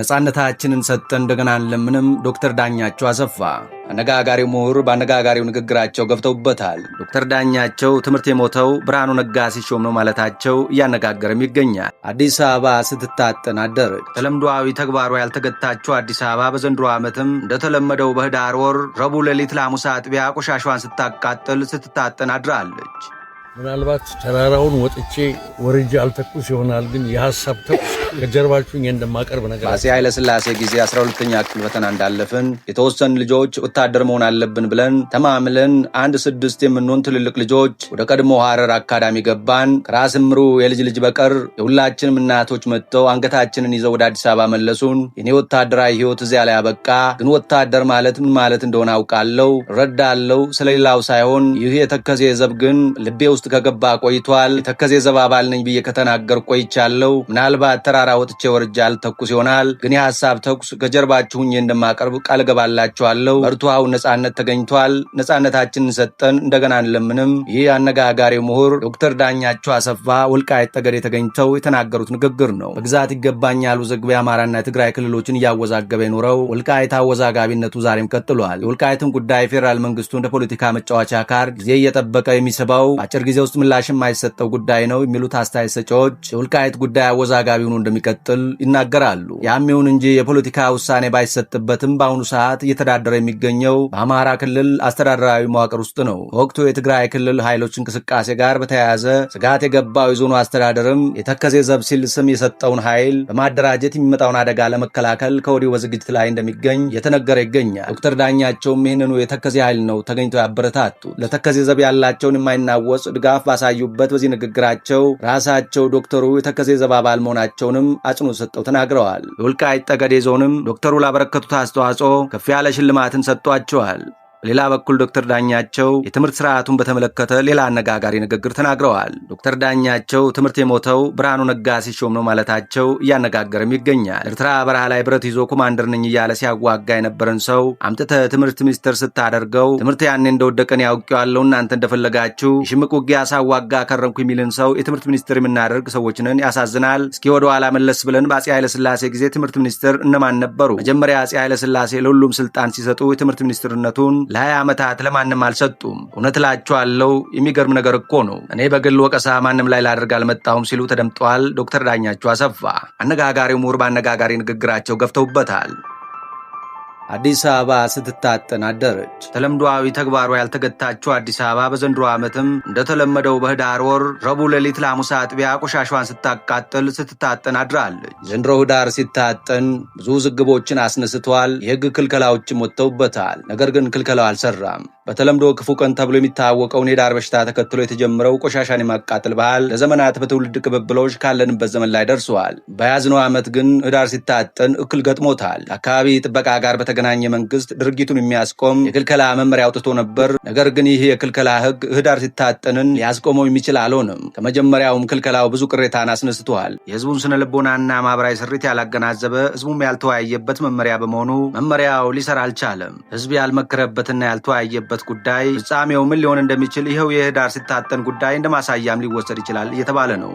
ነፃነታችንን ሰጥተን እንደገና ለምንም ዶክተር ዳኛቸው አሰፋ አነጋጋሪው ምሁር በአነጋጋሪው ንግግራቸው ገብተውበታል። ዶክተር ዳኛቸው ትምህርት የሞተው ብርሃኑ ነጋ ሲሾም ነው ማለታቸው እያነጋገርም ይገኛል። አዲስ አበባ ስትታጠን አደረች። ተለምዶዊ ተግባሯ ያልተገታችው አዲስ አበባ በዘንድሮ ዓመትም እንደተለመደው በህዳር ወር ረቡዕ ሌሊት ለሐሙስ አጥቢያ ቆሻሿን ስታቃጥል ስትታጠን አድራለች። ምናልባት ተራራውን ወጥቼ ወርጄ አልተኩስ ይሆናል፣ ግን የሀሳብ ተኩስ ከጀርባችሁ እንደማቀርብ ነገር በአፄ ኃይለ ጊዜ 12ኛ ክፍል ፈተና እንዳለፍን የተወሰኑ ልጆች ወታደር መሆን አለብን ብለን ተማምለን አንድ ስድስት የምንሆን ትልልቅ ልጆች ወደ ቀድሞ ሀረር አካዳሚ ገባን። ከራስ ምሩ የልጅ ልጅ በቀር የሁላችንም እናቶች መጥተው አንገታችንን ይዘው ወደ አዲስ አበባ መለሱን። የኔ ወታደራዊ ህይወት እዚያ ላይ አበቃ። ግን ወታደር ማለት ምን ማለት እንደሆነ አውቃለሁ፣ እረዳለሁ። ስለሌላው ሳይሆን ይህ የተከዜ ዘብ ግን ልቤ ውስጥ ውስጥ ከገባ ቆይቷል። የተከዜ ዘብ ነኝ ብዬ ከተናገር ቆይቻለሁ። ምናልባት ተራራ ወጥቼ ወርጃ አልተኩስ ይሆናል፣ ግን የሀሳብ ተኩስ ከጀርባችሁ ሁኜ እንደማቀርብ ቃል ገባላችኋለሁ። መርቱሃው ነጻነት ተገኝቷል። ነጻነታችንን ሰጠን እንደገና አንለምንም። ይህ አነጋጋሪ ምሁር ዶክተር ዳኛቸው አሰፋ ወልቃይት ጠገዴ ተገኝተው የተናገሩት ንግግር ነው። በግዛት ይገባኛል ውዝግብ የአማራና የትግራይ ክልሎችን እያወዛገበ የኖረው ወልቃይት አወዛጋቢነቱ ዛሬም ቀጥሏል። የወልቃይትን ጉዳይ ፌዴራል መንግስቱ እንደ ፖለቲካ መጫወቻ ካርድ ጊዜ እየጠበቀ የሚስበው አጭር ጊዜ ጊዜ ውስጥ ምላሽ የማይሰጠው ጉዳይ ነው የሚሉት አስተያየት ሰጪዎች የወልቃይት ጉዳይ አወዛጋቢ ሆኖ እንደሚቀጥል ይናገራሉ። ያም ይሁን እንጂ የፖለቲካ ውሳኔ ባይሰጥበትም በአሁኑ ሰዓት እየተዳደረ የሚገኘው በአማራ ክልል አስተዳደራዊ መዋቅር ውስጥ ነው። በወቅቱ የትግራይ ክልል ኃይሎች እንቅስቃሴ ጋር በተያያዘ ስጋት የገባው የዞኑ አስተዳደርም የተከዜ ዘብ ሲል ስም የሰጠውን ኃይል በማደራጀት የሚመጣውን አደጋ ለመከላከል ከወዲሁ በዝግጅት ላይ እንደሚገኝ የተነገረ ይገኛል። ዶክተር ዳኛቸውም ይህንኑ የተከዜ ኃይል ነው ተገኝተው ያበረታቱ ለተከዜ ዘብ ያላቸውን የማይናወጽ ድጋፍ ባሳዩበት በዚህ ንግግራቸው ራሳቸው ዶክተሩ የተከዜ ዘብ አባል መሆናቸውንም አጽንኦት ሰጠው ተናግረዋል። የወልቃይት ጠገዴ ዞንም ዶክተሩ ላበረከቱት አስተዋጽኦ ከፍ ያለ ሽልማትን ሰጥቷቸዋል። በሌላ በኩል ዶክተር ዳኛቸው የትምህርት ስርዓቱን በተመለከተ ሌላ አነጋጋሪ ንግግር ተናግረዋል። ዶክተር ዳኛቸው ትምህርት የሞተው ብርሃኑ ነጋ ሲሾም ነው ማለታቸው እያነጋገርም ይገኛል። ኤርትራ በረሃ ላይ ብረት ይዞ ኮማንደር ነኝ እያለ ሲያዋጋ የነበረን ሰው አምጥተ ትምህርት ሚኒስትር ስታደርገው ትምህርት ያኔ እንደወደቀን ያውቀዋለሁ እናንተ እንደፈለጋችሁ የሽምቅ ውጊያ ሳዋጋ ከረምኩ የሚልን ሰው የትምህርት ሚኒስትር የምናደርግ ሰዎችንን ያሳዝናል። እስኪ ወደ ኋላ መለስ ብለን በአፄ ኃይለስላሴ ጊዜ ትምህርት ሚኒስትር እነማን ነበሩ? መጀመሪያ አፄ ኃይለስላሴ ለሁሉም ስልጣን ሲሰጡ የትምህርት ሚኒስትርነቱን ለሀያ ዓመታት ለማንም አልሰጡም። እውነት እላችኋለሁ የሚገርም ነገር እኮ ነው። እኔ በግል ወቀሳ ማንም ላይ ላደርግ አልመጣሁም ሲሉ ተደምጠዋል ዶክተር ዳኛቸው አሰፋ። አነጋጋሪው ምሁር በአነጋጋሪ ንግግራቸው ገፍተውበታል። አዲስ አበባ ስትታጠን አደረች። ተለምዶዊ ተግባሯ ያልተገታችው አዲስ አበባ በዘንድሮ ዓመትም እንደተለመደው በህዳር ወር ረቡዕ ሌሊት ለሐሙስ አጥቢያ ቆሻሿን ስታቃጥል ስትታጠን አድራለች። ዘንድሮ ህዳር ሲታጠን ብዙ ዝግቦችን አስነስተዋል። የህግ ክልከላዎችም ወጥተውበታል። ነገር ግን ክልከላው አልሰራም። በተለምዶ ክፉ ቀን ተብሎ የሚታወቀውን የዳር በሽታ ተከትሎ የተጀመረው ቆሻሻን የማቃጠል ባህል ለዘመናት በትውልድ ቅብብሎች ካለንበት ዘመን ላይ ደርሰዋል። በያዝነው ዓመት ግን ህዳር ሲታጠን እክል ገጥሞታል። ከአካባቢ ጥበቃ ጋር በተገናኘ መንግስት ድርጊቱን የሚያስቆም የክልከላ መመሪያ አውጥቶ ነበር። ነገር ግን ይህ የክልከላ ህግ ህዳር ሲታጠንን ሊያስቆመው የሚችል አልሆንም። ከመጀመሪያውም ክልከላው ብዙ ቅሬታን አስነስቷል። የህዝቡን ስነ ልቦናና ማህበራዊ ስሪት ያላገናዘበ ህዝቡም ያልተወያየበት መመሪያ በመሆኑ መመሪያው ሊሰራ አልቻለም። ህዝብ ያልመከረበትና ያልተወያየበት የደረሰበት ጉዳይ ፍጻሜው ምን ሊሆን እንደሚችል ይኸው የህዳር ሲታተን ጉዳይ እንደማሳያም ሊወሰድ ይችላል እየተባለ ነው።